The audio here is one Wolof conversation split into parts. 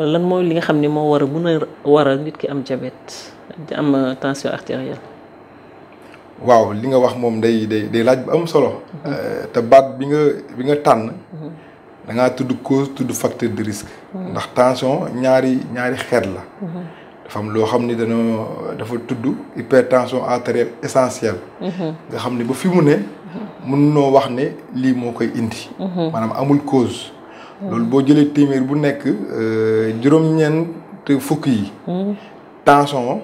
wala lan mooy li nga xam ne moo war a mun a waral nit ki am diabète am euh, tension artérielle. waaw li nga wax moom day day day laaj bu am solo. Mhm. Euh, te baat bi nga bi nga tànn. Mhm. dangaa tudd cause tudd facteur de risque. Mhm. ndax tension ñaari ñaari xeet la. dafa loo xam ni dañoo dafa tudd hypertension artérielle essentielle. nga xam ne ba fi mu ne. mën noo wax ne lii moo koy indi. maanaam amul cause. loolu boo jëlee téeméer bu nekk euh, juróom-ñeent fukk yi. Hmm. tension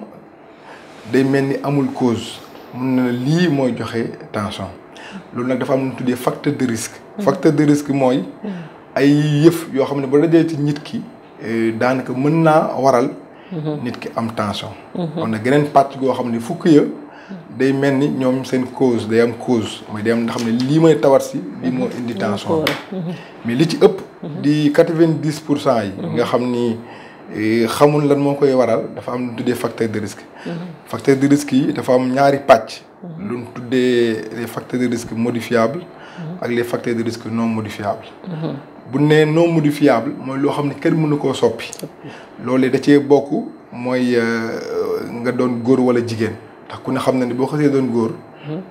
day mel ni amul cause mun na lii mooy joxe tension loolu nag dafa am lu tuddee facteur de risque. Hmm. facteur de risque mooy. Hmm. ay yëf yoo xam ne ba dajee ci nit ki euh, daanaka mën naa waral. nit ki am tension. am nag geneen pàcc goo xam ne fukk ya day mel ni ñoom seen cause day am cause mooy day am nga xam ne lii mooy tawat si lii moo indi tension mais li ci ëpp. di quatre-vingt-dix pour cent yi. nga xam ni eh, xamul lan moo koy waral dafa am lu ñu tuddee facteur de risque. facteur de risque yi dafa am ñaari pàcc. lu tuddee les facteurs de risque modifiables. ak les facteurs de risque non modifiables. bu nee non modifiable mooy loo xam ne kenn mënu koo soppi. loolu da cee bokk mooy eh, nga doon góor wala jigéen ndax ku ne xam na ni boo xasee doon góor.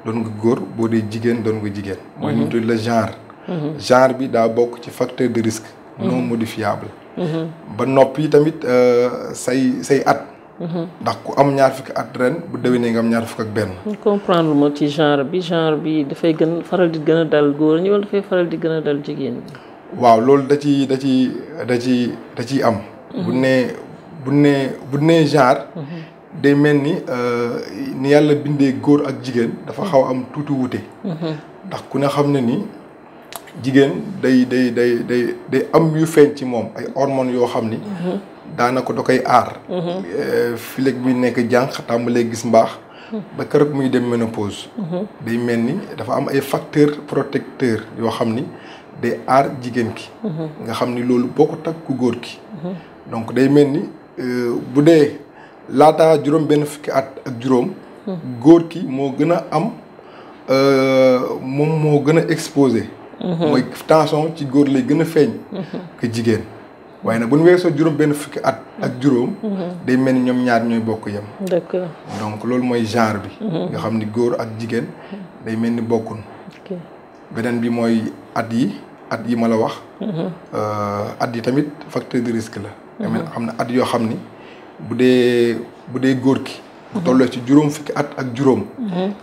doon nga góor boo dee jigéen doon nga jigéen. mooy ñu tudd la genre. genre bi daa bokk ci facteur de risque non modifiable ba noppi tamit euh, say say at ndax ku am ñaar fukk at ren bu déwénee nga am ñaar fukk ak benn comprendre ma ci genre bi genre bi dafay gën faral di gën a dal góor ñi dafay faral di gën a dal jigéen ñi waaw loolu da ci da ci da ci da ciy am bu nee bu nee bu nee genre day mel ni euh, ni yàlla bindee góor ak jigéen dafa xaw am tuuti wute mhm. ndax ku ne xam ne ni jigéen day day day day day am yu feeñ ci moom ay hormones yoo xam ni. Mhm. daanaka da koy aar. Mhm. Eh, fileeg bi nekk jànq tàmbalee gis mbaax. Mhm. ba keroog muy dem ménopause. day mel ni dafa am ay facteurs protecteurs yoo xam ni day aar jigéen ki. nga xam ni loolu boo ko takk ku góor ki. donc day mel ni eh, bu dee laataa juróom benn fukki at ak juróom. góor ki moo gën a am eh, moom moo gën a exposé. Mhm. mooy tension ci góor lay gën a feeñ mhm. que jigéen waaye nag bu ñu weesoo juróom benn fukki at ak mhm. juróom day mel ni ñoom ñaar ñooy bokk yem donc loolu mooy genre bi nga xam ni góor ak jigéen day mel ni bokkun beneen bi mooy at yi at yi ma la wax euh, at yi tamit facteur de risque la tamit xam ne at yoo xam ni bu dee bu dee góor ki bu ci juróom fukki at ak juróom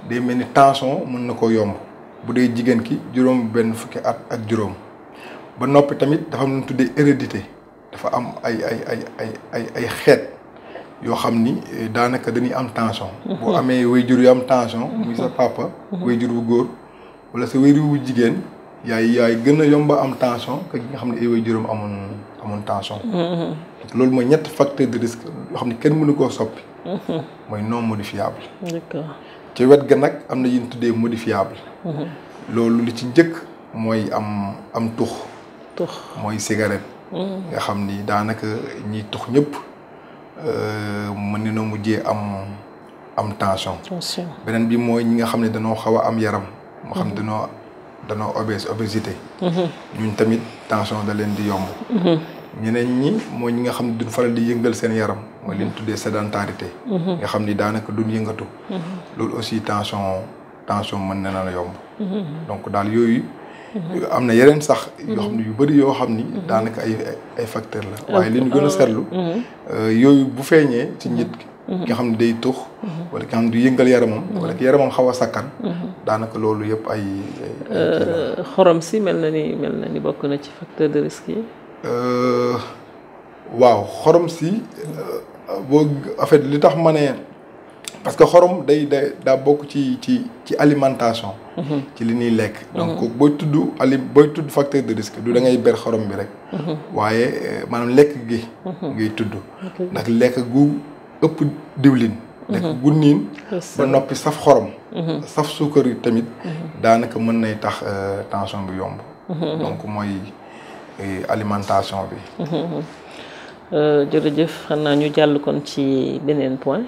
day mel ni tension mën na koo yomb bu dee jigéen ki juróom benn fukki at ak juróom ba noppi tamit dafa am lu tuddee hérédité dafa am ay ay ay ay ay ay xeet yoo xam ni eh, daanaka dañuy am tension. Mhm. boo amee wayjur yu am tension. Mhm. muy sa papa. Mhm. wayjur bu góor wala sa wayjur bu jigéen yaay yaay gën a yomba am tension que ki nga xam ne ay juróom amoon amoon tension. loolu mooy ñett facteur de risque yoo xam ne kenn mënu koo soppi. mooy non modifiable. d'accord. ci wet ga nag am na yu ñu tuddee modifiable. Mhm. loolu li ci njëkk mooy am am tux. tux mooy cigarette. Mhm. nga xam ni daanaka ñiy tux ñëpp euh, mën na mujjee am am tension. beneen bi mooy ñi nga xam ne danoo xaw a am yaram. moo xam mhm. danoo danoo obés obésité. ñun tamit tension da leen di yomb. ñeneen ñi mooy ñi nga xam ne duñ faral di yëngal seen yaram mooy li ñu tuddee sédentarité. Mhm. nga xam ni daanaka duñ yëngatu. Mhm. loolu aussi tension tension mën na la yomb. Mhm. donc daal yooyu. am na yeneen sax. yoo xam yu bëri yoo xam ni. daanaka ay ay facteur la. waaye li ñu gën a oh. seetlu. Euh, yooyu bu feeñee ci nit nga xam ne day tux. wala ki nga xam ne du yëngal yaramam. wala ki yaramam xaw a sakkan. daanaka loolu yëpp ay. Euh, xorom si mel na ni mel na ni bokk na ci facteur de risque Euh, waaw xorom si euh, boo en li tax ma ne parce que xorom day day daa bokk ci ci ci alimentation. Mhm. ci li ñuy lekk. Mhm. donc booy tudd ali booy tudd facteur de risque du da ngay ber xorom bi rek. Mhm. waaye euh, maanaam lekk gi. ngay tudd. ndax lekk gu ëpp diwlin. lekk gu niin ba noppi saf xorom. saf suukar yi tamit. daanaka mën nay tax tension bi yomb. donc mooy. alimentation bi. Euh, jërëjëf naa ñu jàll kon ci beneen point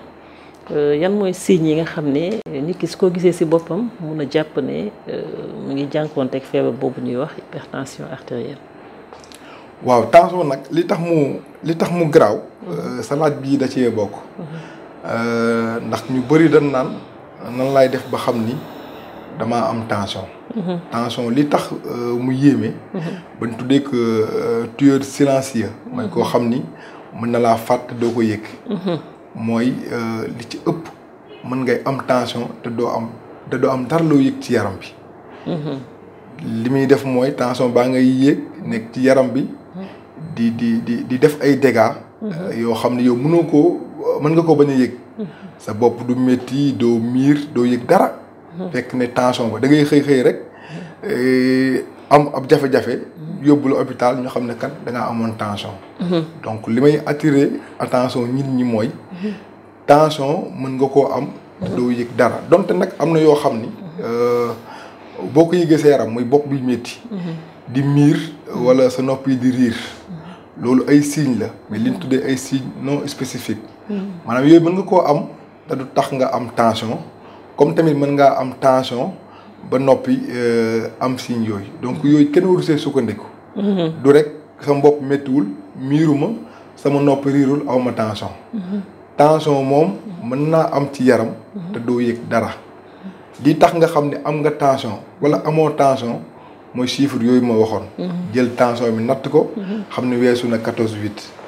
euh, yan mooy signes yi nga xam ne nit ki su ko gisee si boppam mun a jàpp ne euh, mu ngi jànkuwanteeg feebar boobu ñuy wax hypertension artérielle. waaw tension nag li tax mu li tax mu garaaw. sa laaj bii da cee bokk. Mhm. ndax ñu bëri dañ naan nan laay def ba xam ni damaa am tension. Mm-hmm. tension li tax euh, mu yéeme. Mm-hmm. bañ tuddee que euh, tueur silencieux. mooy koo mm-hmm. xam ni mën na laa fàtt doo ko yëg. mooy euh, li ci ëpp mën ngay am tension te doo am te doo am dara loo yëg ci yaram bi. li muy def mooy tension baa ngay yéeg nekk ci yaram bi. di di di di def ay dégâts. yoo xam ne yow mënoo koo mën nga ko bañ a yëg. sa bopp du métti doo miir doo yëg dara. fekk ne tension ba da ngay xëy xëy rek eh, am ab jafe-jafe. yóbbu la hôpital ñu xam ne kat da amoon tension. Mhm. donc li may attirer attention nit ñi mooy. tension mën nga koo am. doo yëg donte nag am na yoo xam ni. Euh, boo ko yëgee sa yaram muy bopp bi mhm. wala sa nopp yi di riir. loolu ay signe la mais li ñu tuddee ay mhm. maanaam yooyu mën nga koo am du tax nga am tension. comme tamit mën ngaa am tension ba noppi euh, am signe yooyu donc yooyu kenn waru see sukkandiku. Mhm. du rek sama bopp méttiwul miiruma sama nopp riirul aw ma tension. Mhm. tension moom mën naa am ci yaram. Mhm. te doo yëg dara. di tax nga xam ne am nga tension wala amoo tension mooy chiffre yooyu ma waxoon. jël tension bi natt ko. xam ne weesu na quatorze huit.